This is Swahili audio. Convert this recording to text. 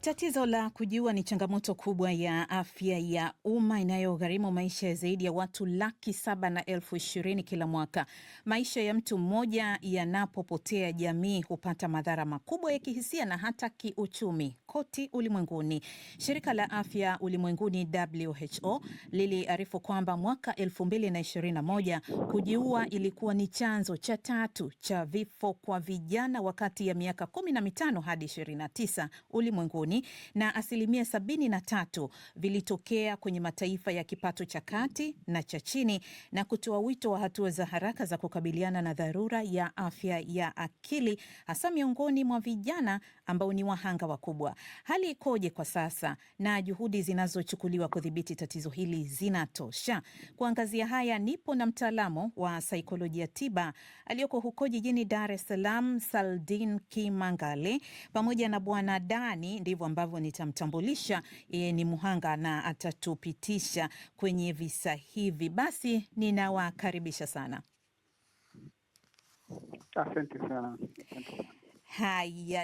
Tatizo la kujiua ni changamoto kubwa ya afya ya umma inayogharimu maisha ya zaidi ya watu laki saba na elfu ishirini kila mwaka. Maisha ya mtu mmoja yanapopotea, jamii hupata madhara makubwa ya kihisia na hata kiuchumi kote ulimwenguni. Shirika la Afya Ulimwenguni WHO liliarifu kwamba mwaka 2021 kujiua ilikuwa ni chanzo cha tatu cha vifo kwa vijana wakati ya miaka 15 hadi 29 ulimwenguni ulimwenguni na asilimia sabini na tatu vilitokea kwenye mataifa ya kipato cha kati na cha chini na kutoa wito wa hatua za haraka za kukabiliana na dharura ya afya ya akili hasa miongoni mwa vijana ambao ni wahanga wakubwa. Hali ikoje kwa sasa na juhudi zinazochukuliwa kudhibiti tatizo hili zinatosha? Kuangazia haya, nipo na mtaalamu wa saikolojia tiba aliyoko huko jijini Dar es Salaam, Saldin Kimangale pamoja na Bwana Dani ndivyo ndivyo ambavyo nitamtambulisha yeye ni muhanga na atatupitisha kwenye visa hivi. Basi ninawakaribisha sana. Asante sana. Asante sana. Haya.